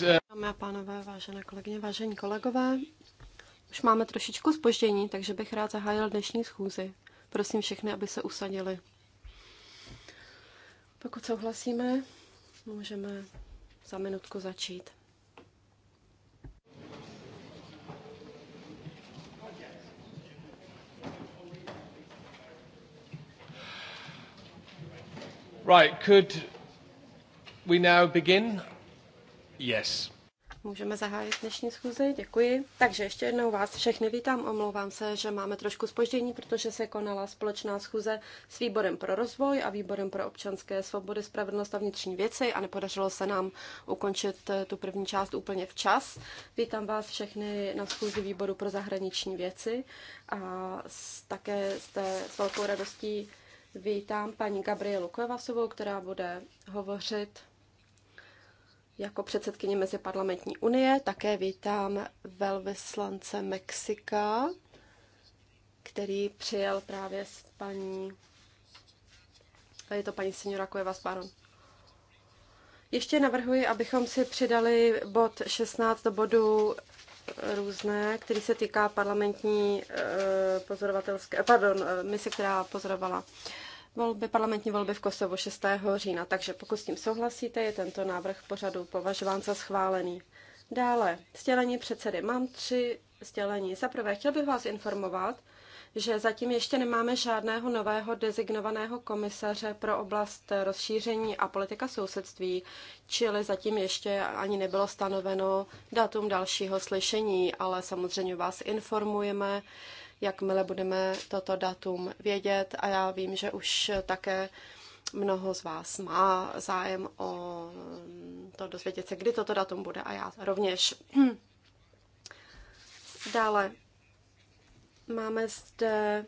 Eh, Dámy a pánové, vážené kolegyně, vážení kolegové, už máme trošičku spoždění, takže bych rád zahájil dnešní schůzi. Prosím všechny, aby se usadili. Pokud souhlasíme, můžeme za minutku začít. Right, could we now begin Yes. Můžeme zahájit dnešní schůzi, děkuji. Takže ještě jednou vás všechny vítám, omlouvám se, že máme trošku spoždění, protože se konala společná schůze s Výborem pro rozvoj a Výborem pro občanské svobody, spravedlnost a vnitřní věci a nepodařilo se nám ukončit eh, tu první část úplně včas. Vítám vás všechny na schůzi Výboru pro zahraniční věci a také jste s velkou radostí vítám paní Gabrielu Kojevasovou, která bude hovořit jako předsedkyně Meziparlamentní unie také vítám velvyslance Mexika, který přijel právě s paní... je to paní seniora Cuevas Baron. Ještě navrhuji, abychom si přidali bod 16 do bodu eh, různé, který se týká parlamentní eh, pozorovatelské, pardon, eh, mise, která pozorovala volby, parlamentní volby v Kosovu 6. října. Takže pokud s tím souhlasíte, je tento návrh pořadu považován za schválený. Dále, sdělení předsedy. Mám tři sdělení. Za prvé, chtěl bych vás informovat, že zatím ještě nemáme žádného nového designovaného komisaře pro oblast rozšíření a politika sousedství, čili zatím ještě ani nebylo stanoveno datum dalšího slyšení, ale samozřejmě vás informujeme, jakmile budeme toto datum vědět. A já vím, že už také mnoho z vás má zájem o mm, to dozvědět se, kdy toto datum bude a já rovněž. Dále máme zde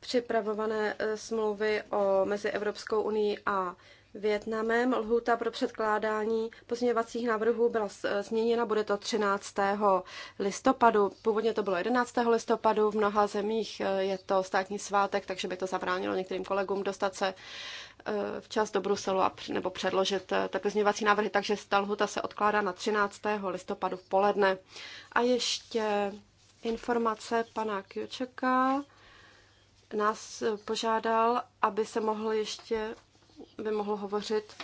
připravované eh, smlouvy o, mezi Evropskou unii a Větnamem. Lhůta pro předkládání pozměňovacích návrhů byla změněna, bude to 13. listopadu. Původně to bylo 11. listopadu, v mnoha zemích eh, je to státní svátek, takže by to zabránilo některým kolegům dostat se eh, včas do Bruselu a, nebo předložit eh, ty pozměňovací návrhy, takže ta lhuta se odkládá na 13. listopadu v poledne. A ještě informace pana Kjučeka nás požádal, aby se mohl ještě by mohl hovořit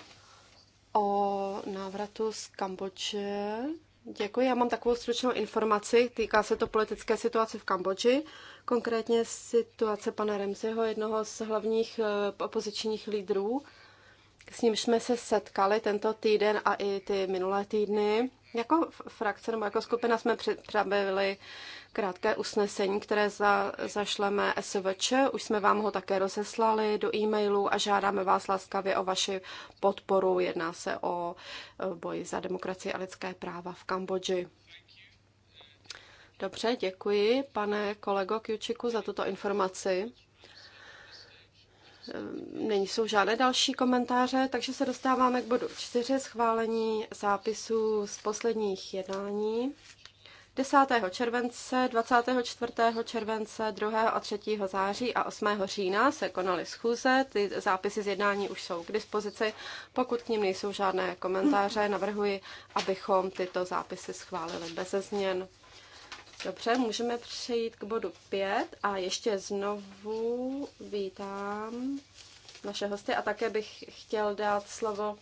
o návratu z Kambodže. Děkuji, já mám takovou stručnou informaci, týká se to politické situace v Kambodži, konkrétně situace pana Remziho, jednoho z hlavních eh, opozičních lídrů, s ním jsme se setkali tento týden a i ty minulé týdny. Jako frakce nebo jako skupina jsme připravili krátké usnesení, které za, zašleme SVČ. Už jsme vám ho také rozeslali do e-mailu a žádáme vás laskavě o vaši podporu. Jedná se o eh, boji za demokracii a lidské práva v Kambodži. Dobře, děkuji, pane kolego Kjučiku, za tuto informaci. Eh, není jsou žádné další komentáře, takže se dostáváme k bodu čtyři schválení zápisů z posledních jednání. 10. července, 24. července, 2. a 3. září a 8. října se konaly schůze. Ty zápisy z jednání už jsou k dispozici. Pokud k ním nejsou žádné komentáře, navrhuji, abychom tyto zápisy schválili bez změn. Dobře, můžeme přejít k bodu 5 a ještě znovu vítám naše hosty a také bych chtěl dát slovo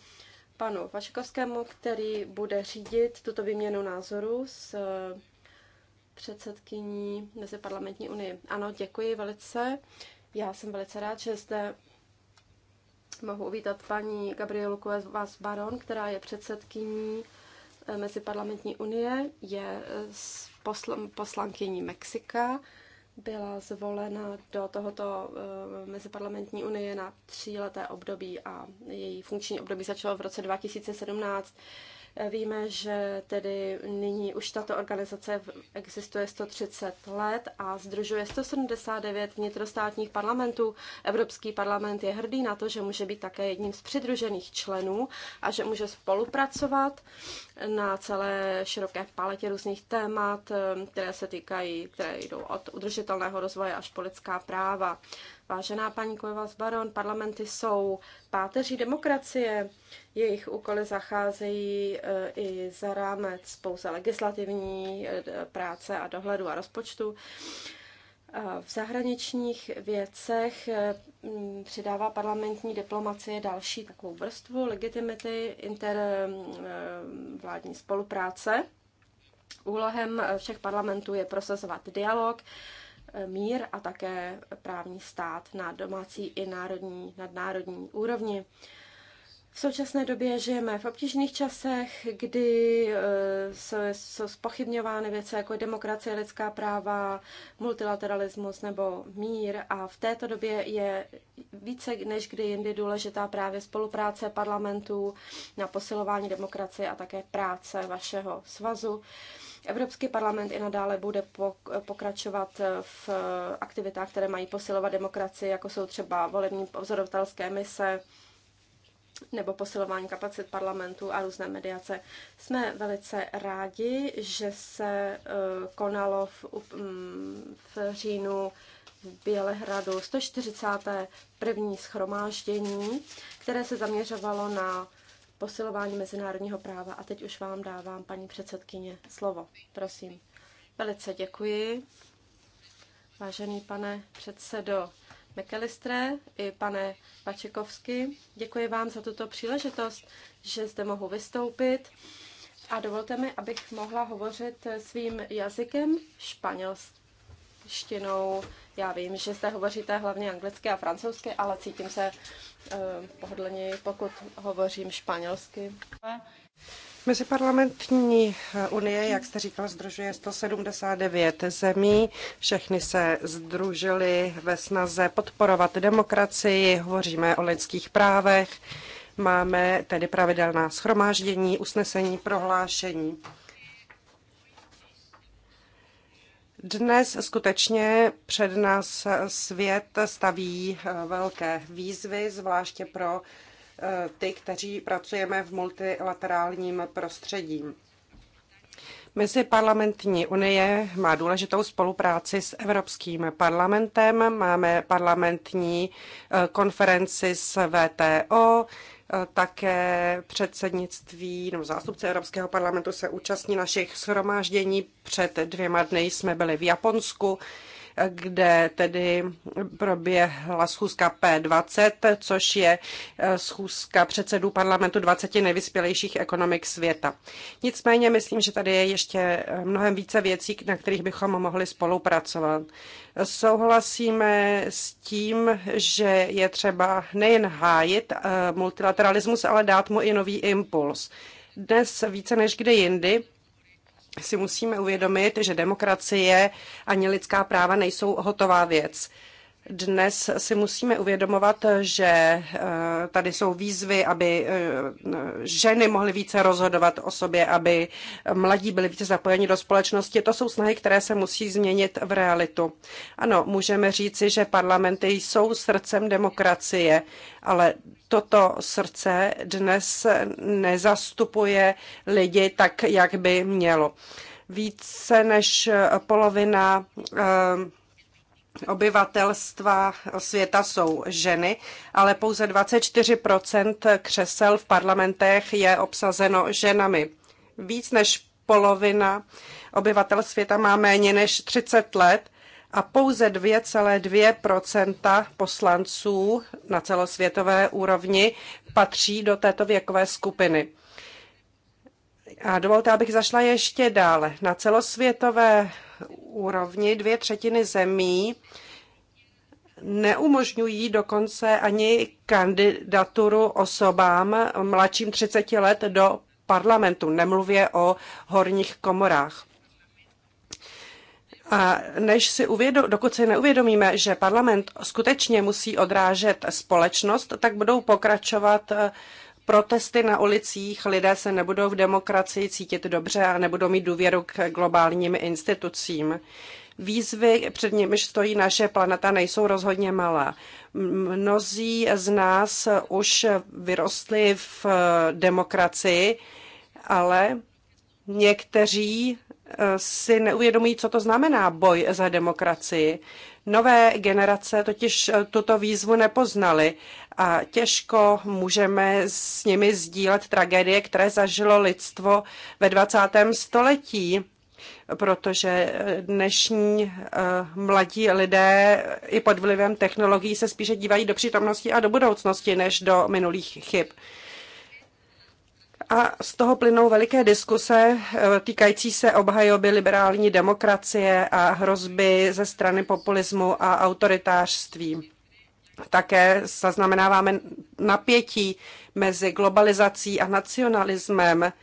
panu Vaškovskému, který bude řídit tuto výměnu názoru s eh, předsedkyní Meziparlamentní unie. Ano, děkuji velice. Já jsem velice rád, že zde mohu uvítat paní Gabrielu Kuevas Baron, která je předsedkyní eh, Meziparlamentní unie, je eh, poslankyní Mexika byla zvolena do tohoto eh, Meziparlamentní unie na tříleté období a její funkční období začalo v roce 2017. Víme, že tedy nyní už tato organizace existuje 130 let a združuje 179 vnitrostátních parlamentů. Evropský parlament je hrdý na to, že může být také jedním z přidružených členů a že může spolupracovat na celé široké paletě různých témat, eh, které se týkají, které jdou od udržitelného rozvoje až po lidská práva. Vážená paní Cuevas Baron, parlamenty jsou páteří demokracie, jejich úkoly zacházejí eh, i za rámec pouze legislativní eh, práce a dohledu a rozpočtu. V zahraničních věcech eh, přidává parlamentní diplomacie další takovou vrstvu legitimity intervládní spolupráce. Úlohem všech parlamentů je prosazovat dialog, mír a také právní stát na domácí i národní, nadnárodní úrovni. V současné době žijeme v obtížných časech, kdy eh, jsou spochybňovány věci jako demokracie, lidská práva, multilateralismus nebo mír a v této době je více než kdy jindy důležitá právě spolupráce parlamentů na posilování demokracie a také práce vašeho svazu. Evropský parlament i nadále bude pokračovat v aktivitách, které mají posilovat demokracii, jako jsou třeba volební pozorovatelské mise nebo posilování kapacit parlamentu a různé mediace. Jsme velice rádi, že se eh, konalo v, mm, v říjnu v Bělehradu 141. schromáždění, které se zaměřovalo na posilování mezinárodního práva. A teď už vám dávám, paní předsedkyně, slovo. Prosím. Velice děkuji. Vážený pane předsedo Mekelistre i pane Pačekovsky, děkuji vám za tuto příležitost, že zde mohu vystoupit. A dovolte mi, abych mohla hovořit svým jazykem španělštinou já vím, že zde hovoříte hlavně anglicky a francouzsky, ale cítím se eh, pohodlněji, pokud hovořím španělsky. Meziparlamentní eh, unie, jak jste říkal, združuje 179 zemí. Všechny se združily ve snaze podporovat demokracii, hovoříme o lidských právech, máme tedy pravidelná schromáždění, usnesení, prohlášení. Dnes skutečně před nás svět staví eh, velké výzvy, zvláště pro eh, ty, kteří pracujeme v multilaterálním prostředí. Meziparlamentní unie má důležitou spolupráci s Evropským parlamentem, máme parlamentní eh, konferenci s VTO, Eh, také předsednictví nebo zástupce Evropského parlamentu se účastní našich shromáždění. Před dvěma dny jsme byli v Japonsku, kde tedy proběhla schůzka P20, což je eh, schůzka předsedů parlamentu 20 nejvyspělejších ekonomik světa. Nicméně myslím, že tady je ještě eh, mnohem více věcí, na kterých bychom mohli spolupracovat. Souhlasíme s tím, že je třeba nejen hájit eh, multilateralismus, ale dát mu i nový impuls. Dnes více než kdy jindy si musíme uvědomit, že demokracie ani lidská práva nejsou hotová věc. Dnes si musíme uvědomovat, že eh, tady jsou výzvy, aby eh, ženy mohly více rozhodovat o sobě, aby mladí byli více zapojeni do společnosti. To jsou snahy, které se musí změnit v realitu. Ano, můžeme říci, že parlamenty jsou srdcem demokracie, ale toto srdce dnes nezastupuje lidi tak, jak by mělo. Více než polovina eh, obyvatelstva světa jsou ženy, ale pouze 24 křesel v parlamentech je obsazeno ženami. Víc než polovina obyvatel světa má méně než 30 let a pouze 2,2 poslanců na celosvětové úrovni patří do této věkové skupiny. A dovolte, abych zašla ještě dále. Na celosvětové úrovni dvě třetiny zemí neumožňují dokonce ani kandidaturu osobám mladším 30 let do parlamentu, nemluvě o horních komorách. A než si uvědom, dokud si neuvědomíme, že parlament skutečně musí odrážet společnost, tak budou pokračovat protesty na ulicích, lidé se nebudou v demokracii cítit dobře a nebudou mít důvěru k globálním institucím. Výzvy, před nimiž stojí naše planeta, nejsou rozhodně malá. Mnozí z nás už vyrostli v demokracii, ale někteří eh, si neuvědomují, co to znamená boj za demokracii. Nové generace totiž eh, tuto výzvu nepoznaly a těžko můžeme s nimi sdílet tragédie, které zažilo lidstvo ve 20. století, protože dnešní eh, mladí lidé i pod vlivem technologií se spíše dívají do přítomnosti a do budoucnosti než do minulých chyb. A z toho plynou veliké diskuse eh, týkající se obhajoby liberální demokracie a hrozby ze strany populismu a autoritářství. Také zaznamenáváme napětí mezi globalizací a nacionalismem.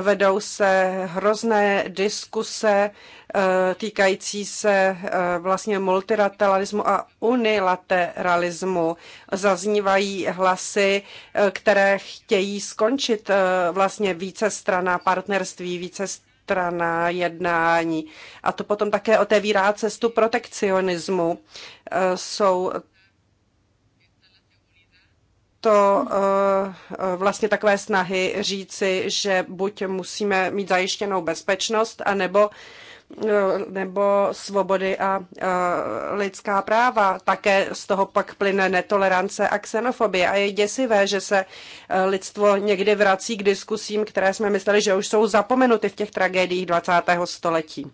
Vedou se hrozné diskuse eh, týkající se eh, vlastně multilateralismu a unilateralismu. Zaznívají hlasy, eh, které chtějí skončit vlastně více strana partnerství, více strana jednání. A to potom také otevírá cestu protekcionismu. Jsou to eh, eh, vlastně takové snahy říci, že buď musíme mít zajištěnou bezpečnost, anebo eh, nebo svobody a lidská práva. Také z toho pak plyne netolerance a xenofobie. A je děsivé, že se lidstvo někdy vrací k diskusím, které jsme mysleli, že už jsou zapomenuty v těch tragédiích 20. století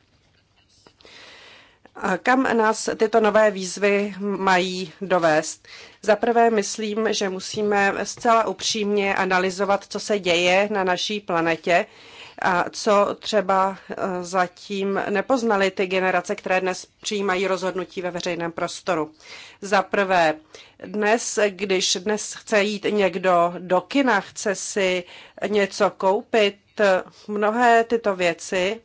kam nás tyto nové výzvy mají dovést? Za prvé myslím, že musíme zcela upřímně analyzovat, co se děje na naší planetě a co třeba eh, zatím nepoznaly ty generace, které dnes přijímají rozhodnutí ve veřejném prostoru. Za prvé, dnes, když dnes chce jít někdo do kina, chce si něco koupit, mnohé tyto věci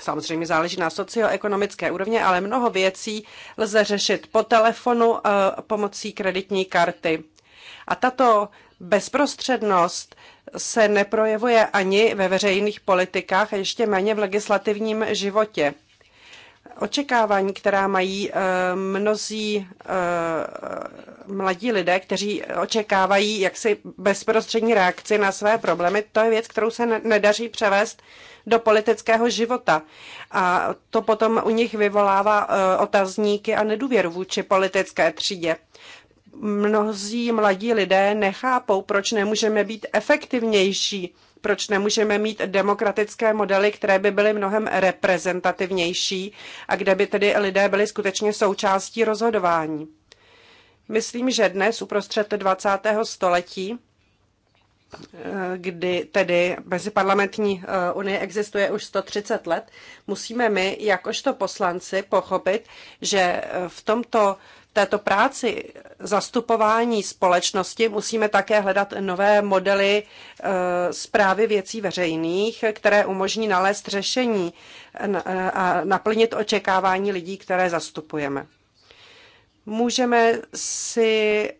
Samozřejmě záleží na socioekonomické úrovně, ale mnoho věcí lze řešit po telefonu eh, pomocí kreditní karty. A tato bezprostřednost se neprojevuje ani ve veřejných politikách a ještě méně v legislativním životě. Očekávání, která mají eh, mnozí eh, mladí lidé, kteří očekávají jaksi bezprostřední reakci na své problémy, to je věc, kterou se nedaří převést do politického života. A to potom u nich vyvolává e, otazníky a nedůvěru vůči politické třídě mnozí mladí lidé nechápou, proč nemůžeme být efektivnější, proč nemůžeme mít demokratické modely, které by byly mnohem reprezentativnější a kde by tedy lidé byli skutečně součástí rozhodování. Myslím, že dnes uprostřed 20. století kdy tedy meziparlamentní eh, unie existuje už 130 let, musíme my, jakožto poslanci, pochopit, že eh, v tomto této práci zastupování společnosti musíme také hledat nové modely zprávy eh, věcí veřejných, které umožní nalézt řešení a naplnit očekávání lidí, které zastupujeme. Můžeme si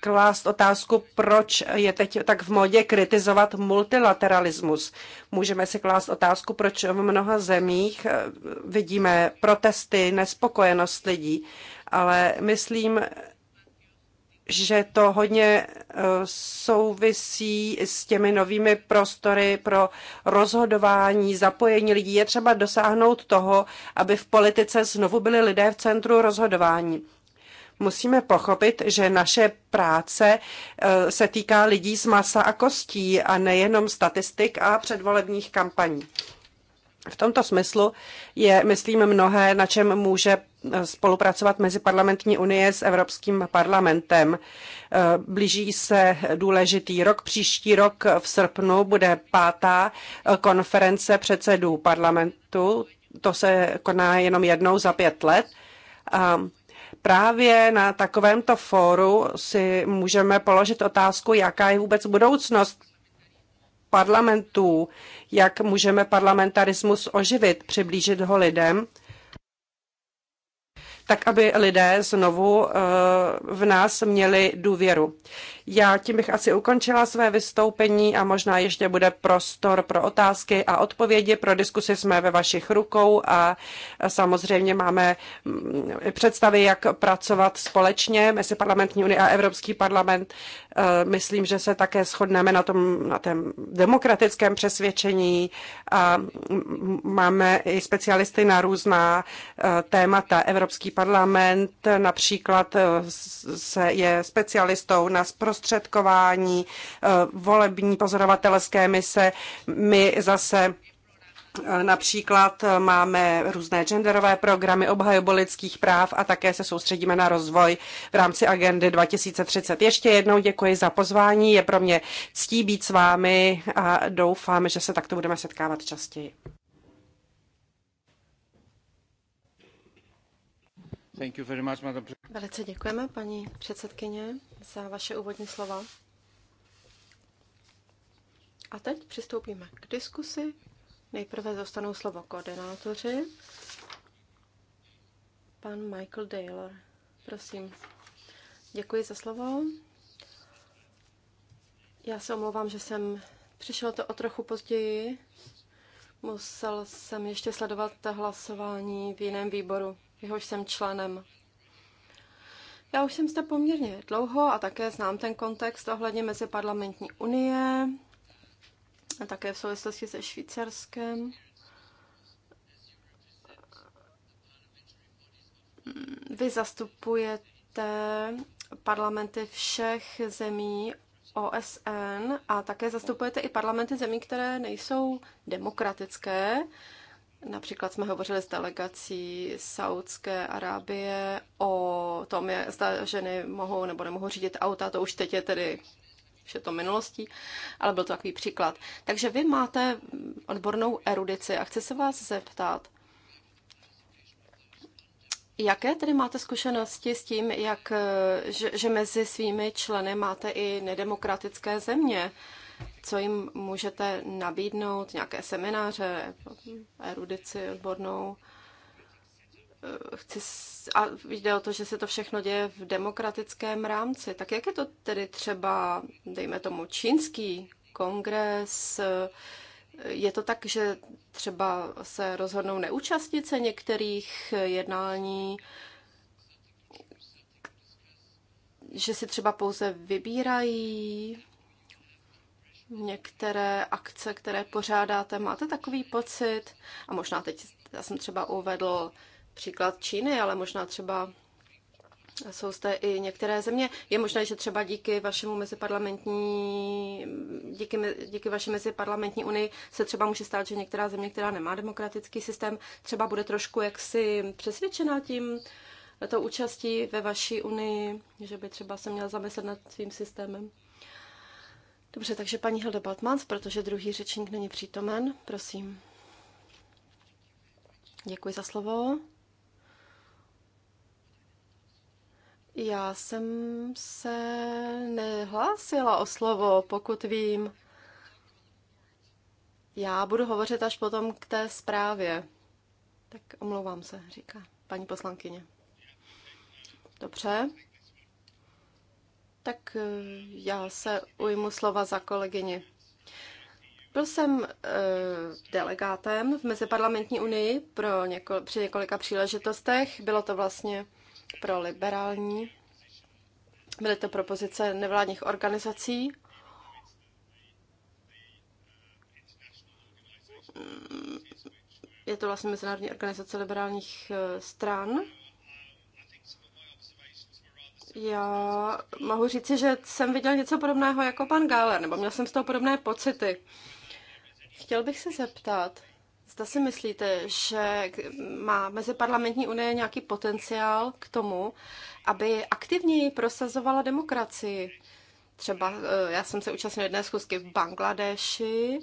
klást otázku, proč je teď tak v modě kritizovat multilateralismus. Můžeme si klást otázku, proč v mnoha zemích eh, vidíme protesty, nespokojenost lidí, ale myslím, že to hodně eh, souvisí s těmi novými prostory pro rozhodování, zapojení lidí. Je třeba dosáhnout toho, aby v politice znovu byli lidé v centru rozhodování musíme pochopit, že naše práce e, se týká lidí z masa a kostí a nejenom statistik a předvolebních kampaní. V tomto smyslu je, myslím, mnohé, na čem může e, spolupracovat Meziparlamentní unie s Evropským parlamentem. E, blíží se důležitý rok. Příští rok v srpnu bude pátá konference předsedů parlamentu. To se koná jenom jednou za pět let. A právě na takovémto fóru si můžeme položit otázku, jaká je vůbec budoucnost parlamentů, jak můžeme parlamentarismus oživit, přiblížit ho lidem, tak aby lidé znovu eh, v nás měli důvěru. Já tím bych asi ukončila své vystoupení a možná ještě bude prostor pro otázky a odpovědi. Pro diskusi jsme ve vašich rukou a samozřejmě máme mm, představy, jak pracovat společně mezi parlamentní unii a Evropský parlament. Eh, myslím, že se také shodneme na tom, na tom demokratickém přesvědčení a mm, máme i specialisty na různá eh, témata. Evropský parlament například eh, se je specialistou na zprostředkování zprostředkování, eh, volební pozorovatelské mise. My zase eh, Například eh, máme různé genderové programy, obhajobu lidských práv a také se soustředíme na rozvoj v rámci agendy 2030. Ještě jednou děkuji za pozvání, je pro mě ctí být s vámi a doufám, že se takto budeme setkávat častěji. Velice děkujeme, paní předsedkyně, za vaše úvodní slova. A teď přistoupíme k diskusi. Nejprve dostanou slovo koordinátoři. Pan Michael Taylor, prosím. Děkuji za slovo. Já se omlouvám, že jsem přišel to o trochu později. Musel jsem ještě sledovat hlasování v jiném výboru jehož jsem členem. Já už jsem zde poměrně dlouho a také znám ten kontext ohledně Meziparlamentní unie a také v souvislosti se Švýcarskem. Vy zastupujete parlamenty všech zemí OSN a také zastupujete i parlamenty zemí, které nejsou demokratické. Například jsme hovořili s delegací Saudské Arábie o tom, je, zda ženy mohou nebo nemohou řídit auta, to už teď je tedy vše to minulostí, ale byl to takový příklad. Takže vy máte odbornou erudici a chci se vás zeptat, Jaké tedy máte zkušenosti s tím, jak, že, že mezi svými členy máte i nedemokratické země? co jim můžete nabídnout, nějaké semináře, erudici odbornou. Chci, a jde o to, že se to všechno děje v demokratickém rámci. Tak jak je to tedy třeba, dejme tomu, čínský kongres? Je to tak, že třeba se rozhodnou neúčastnit se některých jednání, že si třeba pouze vybírají některé akce, které pořádáte, máte takový pocit, a možná teď, já jsem třeba uvedl příklad Číny, ale možná třeba jsou zde i některé země. Je možné, že třeba díky vašemu meziparlamentní, díky, díky vaší meziparlamentní unii se třeba může stát, že některá země, která nemá demokratický systém, třeba bude trošku jaksi přesvědčena tím, to účastí ve vaší unii, že by třeba se měla zamyslet nad svým systémem. Dobře, takže paní Hilda Baltmans, protože druhý řečník není přítomen, prosím. Děkuji za slovo. Já jsem se nehlásila o slovo, pokud vím. Já budu hovořit až potom k té zprávě. Tak omlouvám se, říká paní poslankyně. Dobře. Tak eh, já se ujmu slova za kolegyně. Byl jsem e, delegátem v Meziparlamentní unii pro něko, při několika příležitostech. Bylo to vlastně pro liberální. Byly to propozice nevládních organizací. Je to vlastně Mezinárodní organizace liberálních eh, stran. Já mohu říci, že jsem viděl něco podobného jako pan Gáler, nebo měl jsem z toho podobné pocity. Chtěl bych se zeptat, zda si myslíte, že má Meziparlamentní unie nějaký potenciál k tomu, aby aktivněji prosazovala demokracii? Třeba eh, já jsem se účastnil jedné schůzky v Bangladeši,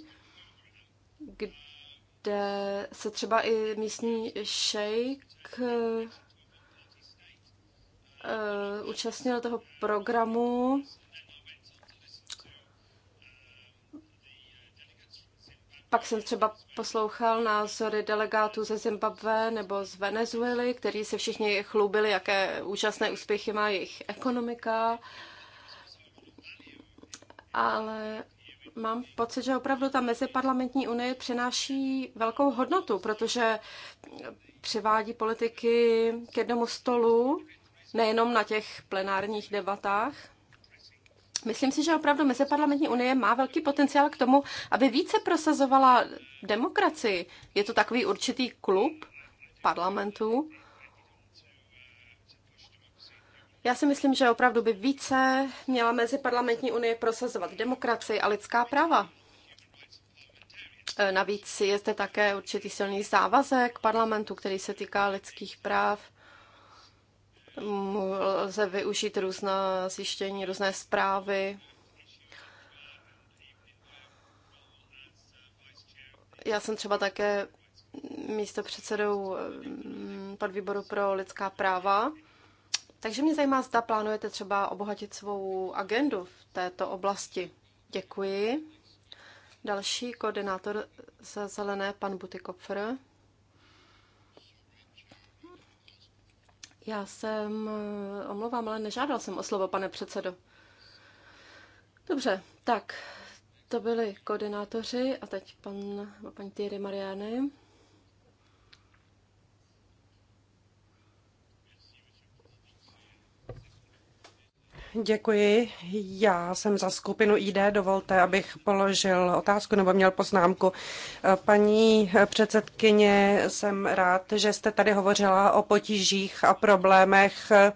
kde se třeba i místní šejk eh, uh, eh, účastnila toho programu. Pak jsem třeba poslouchal názory delegátů ze Zimbabwe nebo z Venezuely, kteří se všichni chlubili, jaké úžasné úspěchy má jejich ekonomika. Ale mám pocit, že opravdu ta meziparlamentní unie přináší velkou hodnotu, protože přivádí politiky k jednomu stolu nejenom na těch plenárních debatách. Myslím si, že opravdu Meziparlamentní unie má velký potenciál k tomu, aby více prosazovala demokracii. Je to takový určitý klub parlamentů. Já si myslím, že opravdu by více měla Meziparlamentní unie prosazovat demokracii a lidská práva. Navíc je zde také určitý silný závazek parlamentu, který se týká lidských práv lze využít různá zjištění, různé zprávy. Já jsem třeba také místo předsedou mm, podvýboru pro lidská práva. Takže mě zajímá, zda plánujete třeba obohatit svou agendu v této oblasti. Děkuji. Další koordinátor za zelené, pan Butikopfer. Já jsem, eh, omlouvám, ale nežádal jsem o slovo, pane předsedo. Dobře, tak to byli koordinátoři a teď pan, paní Thierry Mariany. Děkuji. Já jsem za skupinu ID. Dovolte, abych položil otázku nebo měl poznámku. Paní předsedkyně, jsem rád, že jste tady hovořila o potížích a problémech eh,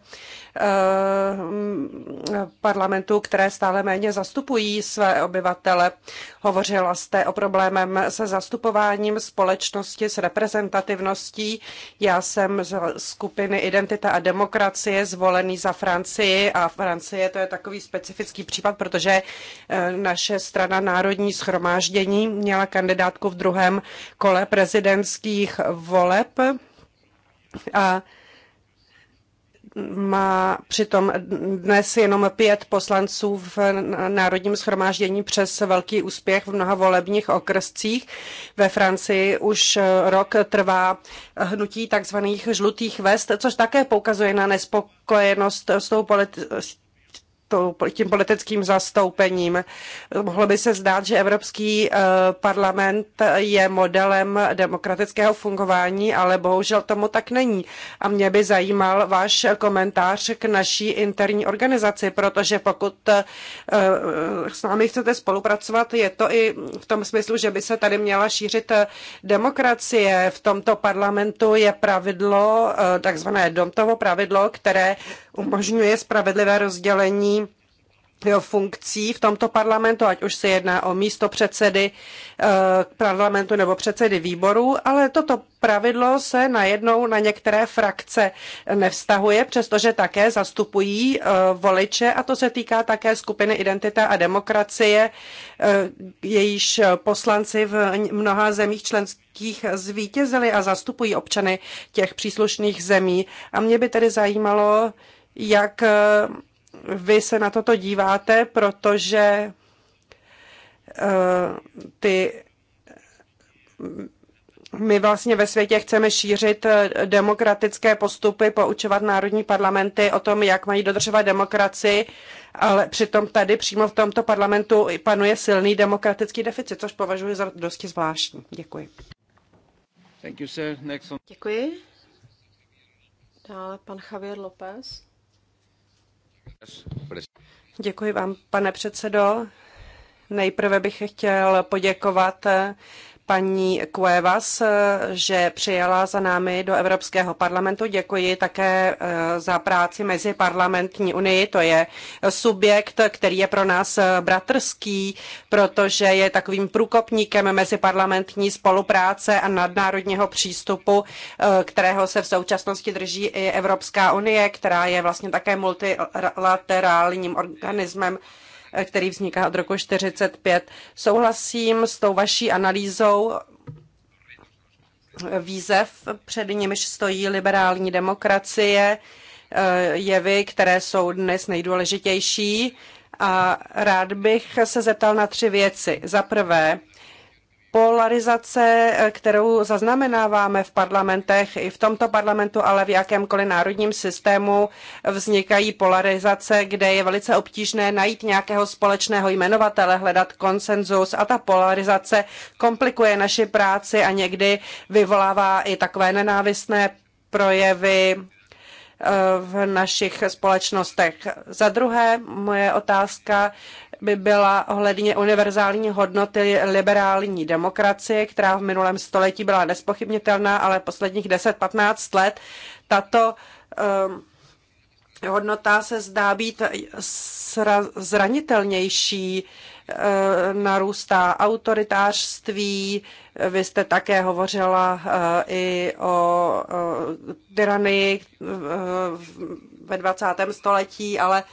parlamentu, které stále méně zastupují své obyvatele. Hovořila jste o problémem se zastupováním společnosti, s reprezentativností. Já jsem z skupiny Identita a demokracie zvolený za Francii a Francii Francie to je takový specifický případ, protože eh, naše strana Národní schromáždění měla kandidátku v druhém kole prezidentských voleb a má přitom dnes jenom pět poslanců v Národním schromáždění přes velký úspěch v mnoha volebních okrscích. Ve Francii už eh, rok trvá hnutí takzvaných žlutých vest, což také poukazuje na nespokojenost s tou politi- tím politickým zastoupením. Mohlo by se zdát, že Evropský eh, parlament je modelem demokratického fungování, ale bohužel tomu tak není. A mě by zajímal váš komentář k naší interní organizaci, protože pokud eh, eh, s námi chcete spolupracovat, je to i v tom smyslu, že by se tady měla šířit demokracie. V tomto parlamentu je pravidlo, takzvané domtovo pravidlo, které umožňuje spravedlivé rozdělení funkcí v tomto parlamentu, ať už se jedná o místo předsedy eh, parlamentu nebo předsedy výboru, ale toto pravidlo se najednou na některé frakce nevztahuje, přestože také zastupují eh, voliče a to se týká také skupiny Identita a demokracie, eh, jejíž poslanci v mnoha zemích členských zvítězili a zastupují občany těch příslušných zemí. A mě by tedy zajímalo, jak eh, vy se na toto díváte, protože eh, ty my vlastně ve světě chceme šířit eh, demokratické postupy, poučovat národní parlamenty o tom, jak mají dodržovat demokracii, ale přitom tady přímo v tomto parlamentu panuje silný demokratický deficit, což považuji za dosti zvláštní. Děkuji. Thank you, sir. Next one. Děkuji. Dále pan Javier López. Děkuji vám, pane předsedo. Nejprve bych chtěl poděkovat paní Cuevas, eh, že přijela za námi do Evropského parlamentu. Děkuji také eh, za práci mezi parlamentní unii. To je subjekt, který je pro nás eh, bratrský, protože je takovým průkopníkem mezi parlamentní spolupráce a nadnárodního přístupu, kterého se v současnosti drží i Evropská unie, která je vlastně také multilaterálním organismem který vzniká od roku 45. Souhlasím s tou vaší analýzou výzev, před nimiž stojí liberální demokracie, eh, jevy, které jsou dnes nejdůležitější. A rád bych se zeptal na tři věci. Za prvé, polarizace, eh, kterou zaznamenáváme v parlamentech, i v tomto parlamentu, ale v jakémkoliv národním systému vznikají polarizace, kde je velice obtížné najít nějakého společného jmenovatele, hledat konsenzus a ta polarizace komplikuje naši práci a někdy vyvolává i takové nenávistné projevy, Eh, v našich společnostech. Za druhé, moje otázka by byla ohledně univerzální hodnoty liberální demokracie, která v minulém století byla nespochybnitelná, ale posledních 10-15 let tato eh, hodnota se zdá být zranitelnější Eh, narůstá autoritářství. Vy jste také hovořila eh, i o eh, tyranii ve 20. století, ale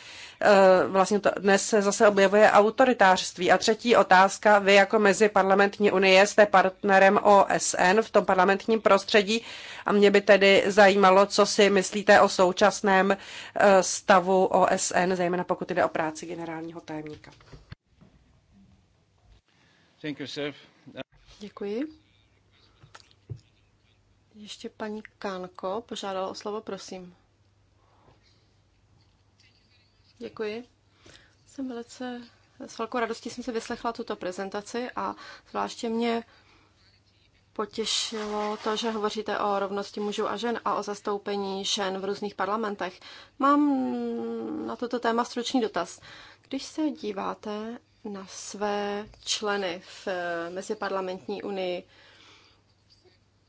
vlastně to dnes se zase objevuje autoritářství. A třetí otázka, vy jako meziparlamentní unie jste partnerem OSN v tom parlamentním prostředí a mě by tedy zajímalo, co si myslíte o současném stavu OSN, zejména pokud jde o práci generálního tajemníka. Děkuji. Ještě paní Kánko požádala o slovo, prosím. Děkuji. Jsem velice, s velkou radostí jsem si vyslechla tuto prezentaci a zvláště mě potěšilo to, že hovoříte o rovnosti mužů a žen a o zastoupení žen v různých parlamentech. Mám na toto téma stručný dotaz. Když se díváte na své členy v eh, Meziparlamentní unii.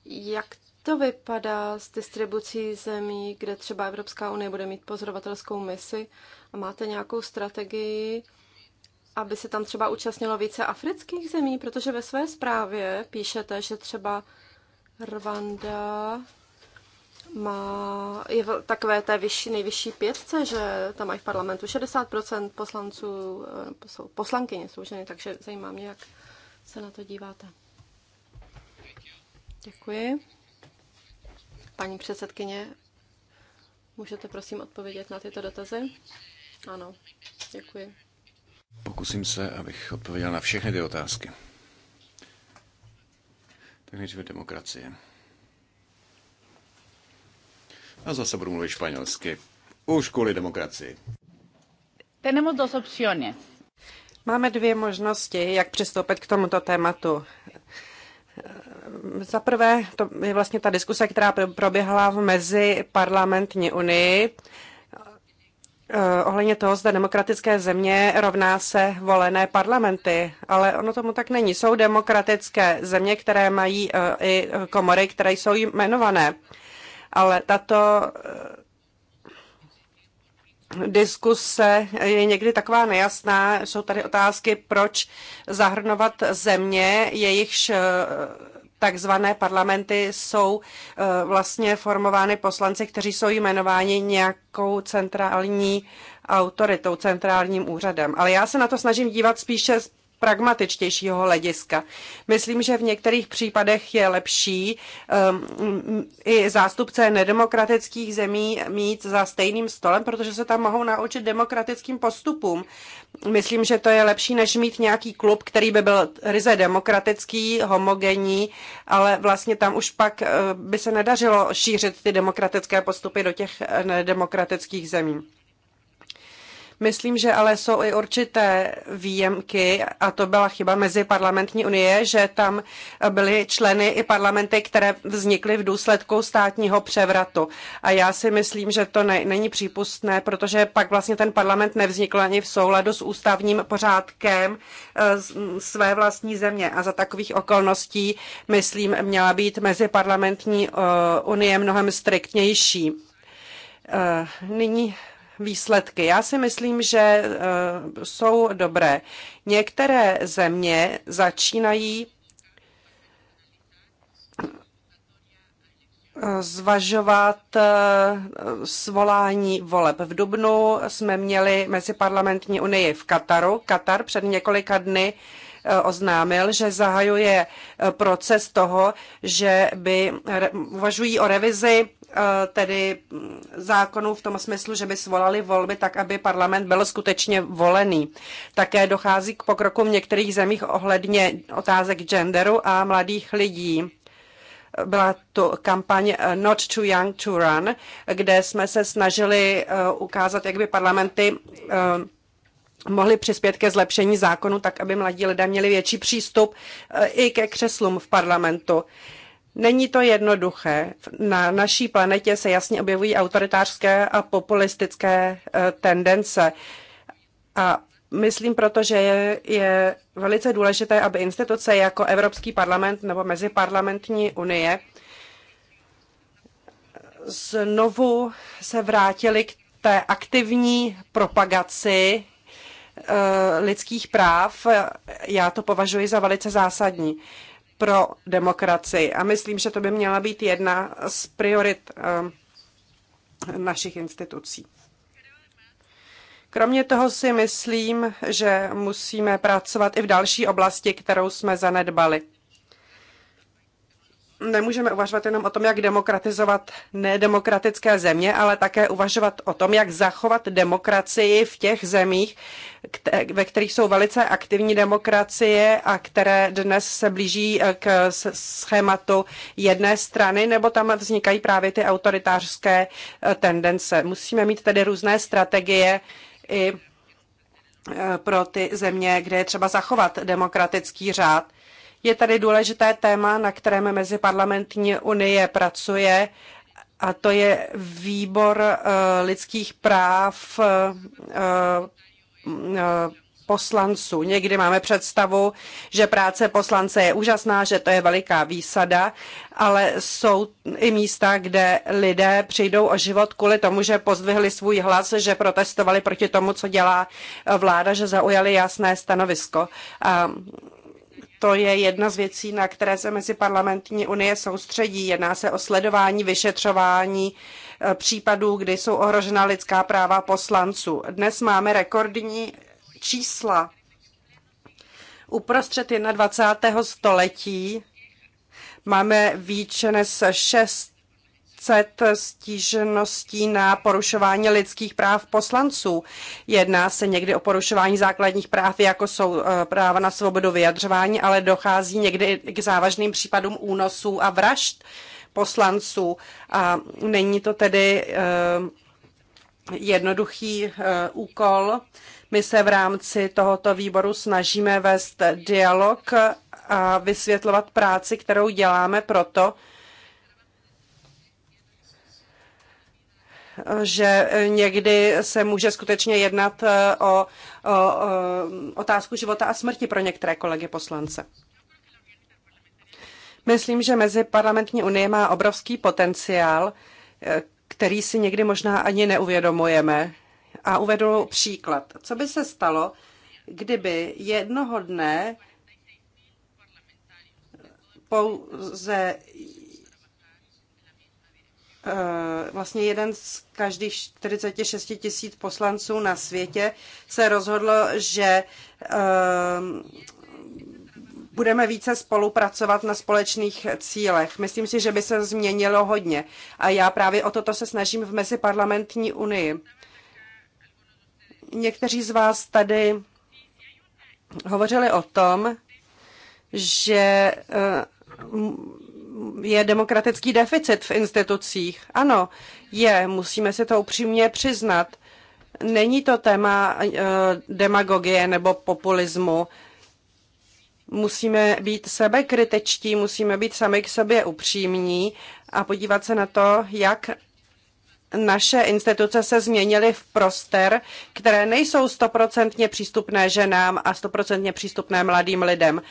Jak to vypadá s distribucí zemí, kde třeba Evropská unie bude mít pozorovatelskou misi a máte nějakou strategii, aby se tam třeba účastnilo více afrických zemí, protože ve své zprávě píšete, že třeba Rwanda má, je v takové té vyšší, nejvyšší pětce, že tam mají v parlamentu 60% poslanců, eh, jsou poslankyně jsou ženy, takže zajímá mě, jak se na to díváte. Děkuji. Paní předsedkyně, můžete prosím odpovědět na tyto dotazy? Ano, děkuji. Pokusím se, abych odpověděl na všechny ty otázky. Tak nejdříve demokracie. A zase budu mluvit španělsky. Už kvůli demokracii. Tenemos dos opciones. Máme dvě možnosti, jak přistoupit k tomuto tématu. Za prvé, to je vlastně ta diskuse, která proběhla v mezi parlamentní unii eh, ohledně toho, zda demokratické země rovná se volené parlamenty, ale ono tomu tak není. Jsou demokratické země, které mají eh, i komory, které jsou jmenované. jmenované ale tato eh, diskuse je někdy taková nejasná. Jsou tady otázky, proč zahrnovat země, jejichž eh, takzvané parlamenty jsou eh, vlastně formovány poslanci, kteří jsou jmenováni nějakou centrální autoritou, centrálním úřadem. Ale já se na to snažím dívat spíše pragmatičtějšího hlediska. Myslím, že v některých případech je lepší um, i zástupce nedemokratických zemí mít za stejným stolem, protože se tam mohou naučit demokratickým postupům. Myslím, že to je lepší, než mít nějaký klub, který by byl ryze demokratický, homogenní, ale vlastně tam už pak eh, by se nedařilo šířit ty demokratické postupy do těch eh, nedemokratických zemí. Myslím, že ale jsou i určité výjimky, a to byla chyba mezi parlamentní unie, že tam byly členy i parlamenty, které vznikly v důsledku státního převratu. A já si myslím, že to ne, není přípustné, protože pak vlastně ten parlament nevznikl ani v souladu s ústavním pořádkem eh, své vlastní země. A za takových okolností, myslím, měla být mezi parlamentní eh, unie mnohem striktnější. Eh, nyní výsledky. Já si myslím, že eh, jsou dobré. Některé země začínají eh, zvažovat eh, svolání voleb. V Dubnu jsme měli Meziparlamentní unii v Kataru. Katar před několika dny Eh, oznámil, že zahajuje eh, proces toho, že by uvažují o revizi eh, tedy mm, zákonů v tom smyslu, že by svolali volby tak, aby parlament byl skutečně volený. Také dochází k pokroku v některých zemích ohledně otázek genderu a mladých lidí byla to kampaň Not Too Young to Run, kde jsme se snažili ukázat, jak by parlamenty mohli přispět ke zlepšení zákonu, tak aby mladí lidé měli větší přístup eh, i ke křeslům v parlamentu. Není to jednoduché. Na naší planetě se jasně objevují autoritářské a populistické eh, tendence. A myslím proto, že je, je velice důležité, aby instituce jako Evropský parlament nebo Meziparlamentní unie znovu se vrátily k té aktivní propagaci Eh, lidských práv, já to považuji za velice zásadní pro demokracii. A myslím, že to by měla být jedna z priorit eh, našich institucí. Kromě toho si myslím, že musíme pracovat i v další oblasti, kterou jsme zanedbali nemůžeme uvažovat jenom o tom, jak demokratizovat nedemokratické země, ale také uvažovat o tom, jak zachovat demokracii v těch zemích, ve kterých jsou velice aktivní demokracie a které dnes se blíží eh, k schématu jedné strany, nebo tam vznikají právě ty autoritářské eh, tendence. Musíme mít tedy různé strategie i eh, pro ty země, kde je třeba zachovat demokratický řád. Je tady důležité téma, na kterém Meziparlamentní unie pracuje, a to je výbor eh, lidských práv eh, eh, poslanců. Někdy máme představu, že práce poslance je úžasná, že to je veliká výsada, ale jsou i místa, kde lidé přijdou o život kvůli tomu, že pozdvihli svůj hlas, že protestovali proti tomu, co dělá vláda, že zaujali jasné stanovisko. A to je jedna z věcí, na které se mezi parlamentní unie soustředí. Jedná se o sledování, vyšetřování e, případů, kdy jsou ohrožena lidská práva poslanců. Dnes máme rekordní čísla. Uprostřed 21. století máme více než 6 40 stížností na porušování lidských práv poslanců. Jedná se někdy o porušování základních práv, jako jsou eh, práva na svobodu vyjadřování, ale dochází někdy k závažným případům únosů a vražd poslanců. A není to tedy eh, jednoduchý eh, úkol. My se v rámci tohoto výboru snažíme vést dialog a vysvětlovat práci, kterou děláme proto, že někdy se může skutečně jednat eh, o, o, o otázku života a smrti pro některé kolegy poslance. Myslím, že mezi parlamentní unie má obrovský potenciál, eh, který si někdy možná ani neuvědomujeme. A uvedu příklad. Co by se stalo, kdyby jednoho dne pouze Eh, vlastně jeden z každých 46 tisíc poslanců na světě se rozhodlo, že eh, budeme více spolupracovat na společných cílech. Myslím si, že by se změnilo hodně. A já právě o toto se snažím v Meziparlamentní unii. Někteří z vás tady hovořili o tom, že eh, je demokratický deficit v institucích. Ano, je, musíme si to upřímně přiznat. Není to téma eh, demagogie nebo populismu. Musíme být sebekritičtí, musíme být sami k sobě upřímní a podívat se na to, jak naše instituce se změnily v prostor, které nejsou stoprocentně přístupné ženám a stoprocentně přístupné mladým lidem.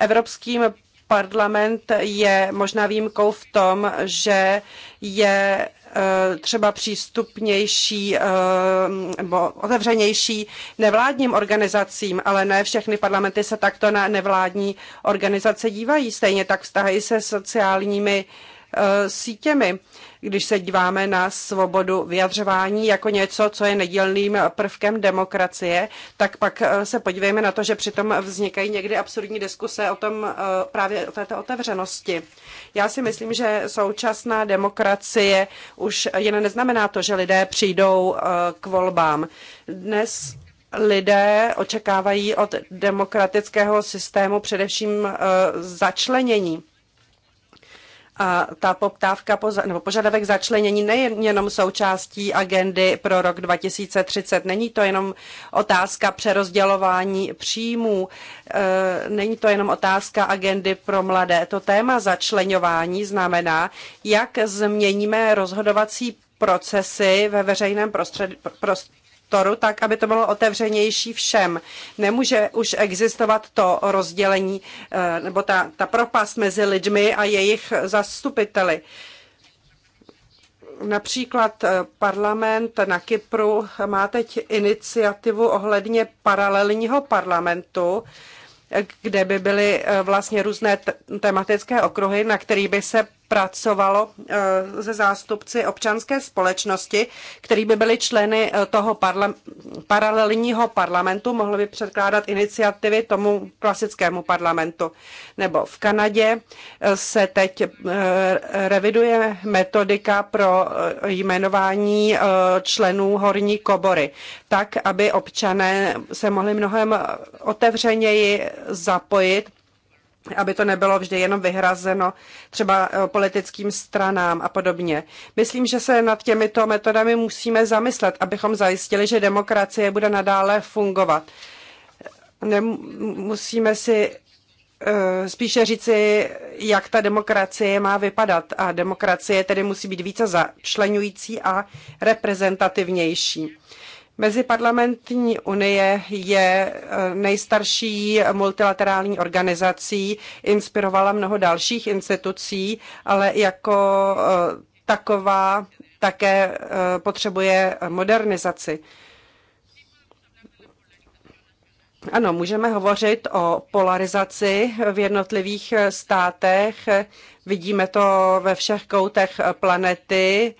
Evropským Parlament je možná výjimkou v tom, že je eh, třeba přístupnější eh, nebo otevřenější nevládním organizacím, ale ne všechny parlamenty se takto na nevládní organizace dívají. Stejně tak vztahy se sociálními uh, Eh, sítěmi. Když se díváme na svobodu vyjadřování jako něco, co je nedílným prvkem demokracie, tak pak eh, se podívejme na to, že přitom vznikají někdy absurdní diskuse o tom eh, právě o této otevřenosti. Já si myslím, že současná demokracie už jen neznamená to, že lidé přijdou k volbám. Dnes lidé očekávají od demokratického systému především začlenění a ta poptávka nebo požadavek začlenění nejen jenom součástí agendy pro rok 2030. Není to jenom otázka přerozdělování příjmů, e, není to jenom otázka agendy pro mladé. To téma začlenování znamená, jak změníme rozhodovací procesy ve veřejném prostředí prostoru, tak aby to bylo otevřenější všem. Nemůže už existovat to rozdělení eh, nebo ta, ta propast mezi lidmi a jejich zastupiteli. Například eh, parlament na Kypru má teď iniciativu ohledně paralelního parlamentu, kde by byly eh, vlastně různé tematické okruhy, na který by se pracovalo eh, se zástupci občanské společnosti, který by byli členy eh, toho parla- paralelního parlamentu, mohli by předkládat iniciativy tomu klasickému parlamentu. Nebo v Kanadě eh, se teď reviduje metodika pro jmenování členů horní kobory, tak, aby občané se mohli mnohem otevřeněji zapojit aby to nebylo vždy jenom vyhrazeno třeba eh, politickým stranám a podobně. Myslím, že se nad těmito metodami musíme zamyslet, abychom zajistili, že demokracie bude nadále fungovat. Musíme si eh, spíše říci, jak ta demokracie má vypadat. A demokracie tedy musí být více začlenující a reprezentativnější. Meziparlamentní unie je eh, nejstarší multilaterální organizací, inspirovala mnoho dalších institucí, ale jako eh, taková také eh, potřebuje modernizaci. Ano, můžeme hovořit o polarizaci v jednotlivých státech. Vidíme to ve všech koutech planety.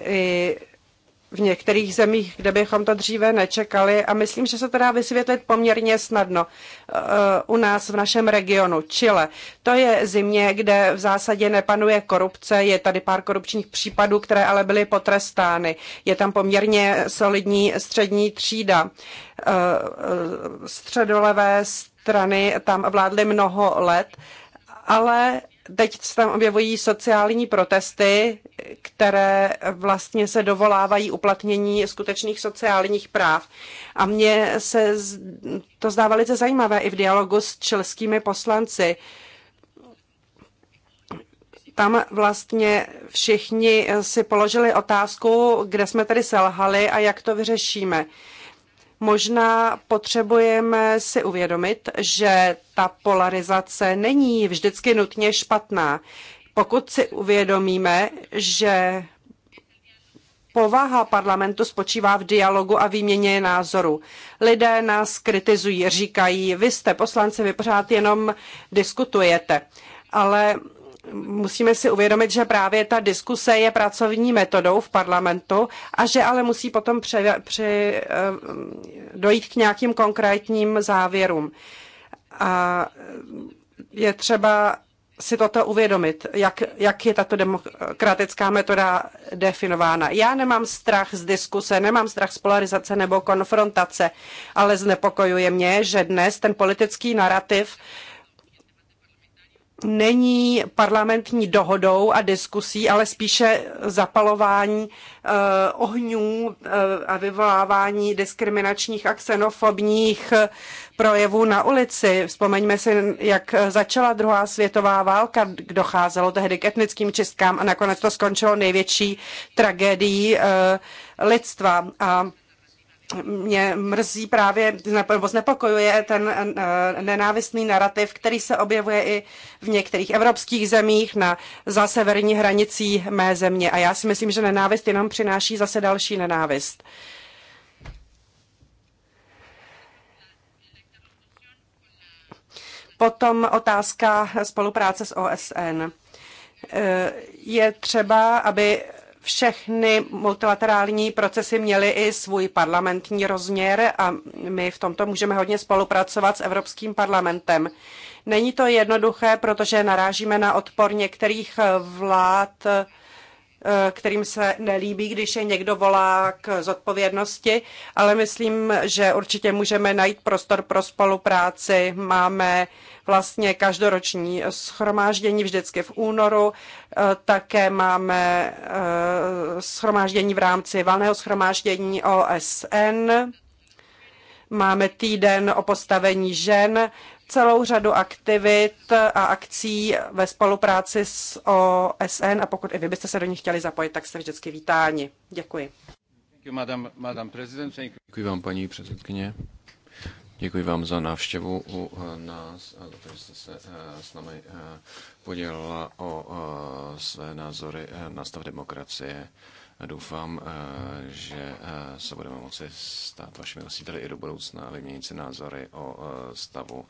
I v některých zemích, kde bychom to dříve nečekali a myslím, že se to dá vysvětlit poměrně snadno e, e, u nás v našem regionu. Chile, to je zimě, kde v zásadě nepanuje korupce, je tady pár korupčních případů, které ale byly potrestány. Je tam poměrně solidní střední třída. E, středolevé strany tam vládly mnoho let, ale Teď se tam objevují sociální protesty, které vlastně se dovolávají uplatnění skutečných sociálních práv. A mně se to zdá velice zajímavé i v dialogu s čelskými poslanci. Tam vlastně všichni si položili otázku, kde jsme tady selhali a jak to vyřešíme. Možná potřebujeme si uvědomit, že ta polarizace není vždycky nutně špatná. Pokud si uvědomíme, že povaha parlamentu spočívá v dialogu a výměně názorů. Lidé nás kritizují, říkají, vy jste poslanci, vy pořád jenom diskutujete. Ale musíme si uvědomit, že právě ta diskuse je pracovní metodou v parlamentu a že ale musí potom při, při, eh, dojít k nějakým konkrétním závěrům. A je třeba si toto uvědomit, jak, jak je tato demokratická metoda definována. Já nemám strach z diskuse, nemám strach z polarizace nebo konfrontace, ale znepokojuje mě, že dnes ten politický narrativ není parlamentní dohodou a diskusí, ale spíše zapalování eh, ohňů eh, a vyvolávání diskriminačních a xenofobních eh, projevů na ulici. Vzpomeňme si, jak začala druhá světová válka, docházelo tehdy k etnickým čistkám a nakonec to skončilo největší tragédií lidstva. A mě mrzí právě, nebo znepokojuje ten eh, nenávistný narrativ, který se objevuje i v některých evropských zemích na za severní hranicí mé země. A já si myslím, že nenávist jenom přináší zase další nenávist. Potom otázka spolupráce s OSN. Eh, je třeba, aby všechny multilaterální procesy měly i svůj parlamentní rozměr a my v tomto můžeme hodně spolupracovat s Evropským parlamentem. Není to jednoduché, protože narážíme na odpor některých vlád Eh, kterým se nelíbí, když je někdo volá k zodpovědnosti, ale myslím, že určitě můžeme najít prostor pro spolupráci. Máme vlastně každoroční schromáždění vždycky v únoru, eh, také máme eh, schromáždění v rámci valného schromáždění OSN, máme týden o postavení žen, celou řadu aktivit a akcí ve spolupráci s OSN a pokud i vy byste se do nich chtěli zapojit, tak jste vždycky vítáni. Děkuji. Děkuji vám, paní předsedkyně. Děkuji vám za návštěvu u eh, nás a za to, že jste se eh, s námi eh, podělila o své názory na stav demokracie Doufám, eh, že eh, se budeme moci stát vašimi hostiteli i do budoucna a vyměnit si názory o eh, stavu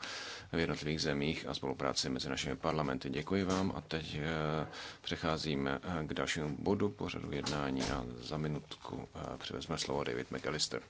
v jednotlivých zemích a spolupráci mezi našimi parlamenty. Děkuji vám a teď přecházíme k dalšímu bodu pořadu jednání a za minutku přivezme slovo David McAllister.